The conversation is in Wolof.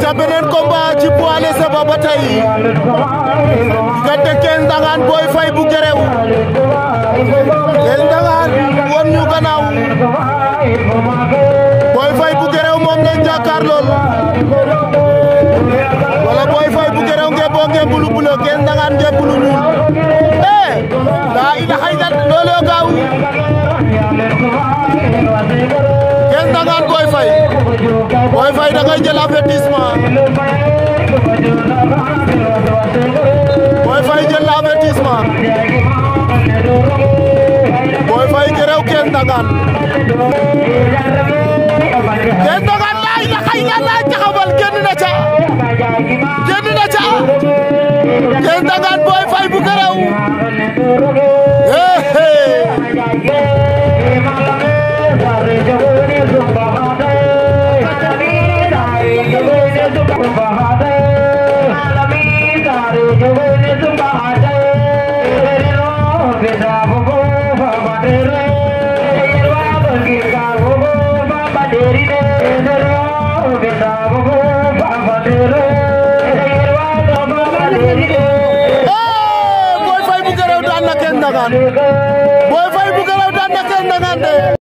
te beneen combat ci poids léger ba ba tey diggante Quinze Ndangaan Boy Faye bu Guéréo Quinze Ndangaan woon ñu gannaaw Boy Faye bu Guéréo moom lañ jàkkaar lool wala Boy Faye bu Guéréo ngeen boo ngeen bulu bulo Quinze Ndangaan ngeen bulu Boy Faye Boy Faye da ngay jël avertissement Boy Faye jël na avertissement Boy Faye gerew Ken Ndangaan Ken Ndangaan laay na xay na laay taxawal génn bu gerew Boy, five bukan udah anak kendangan deh.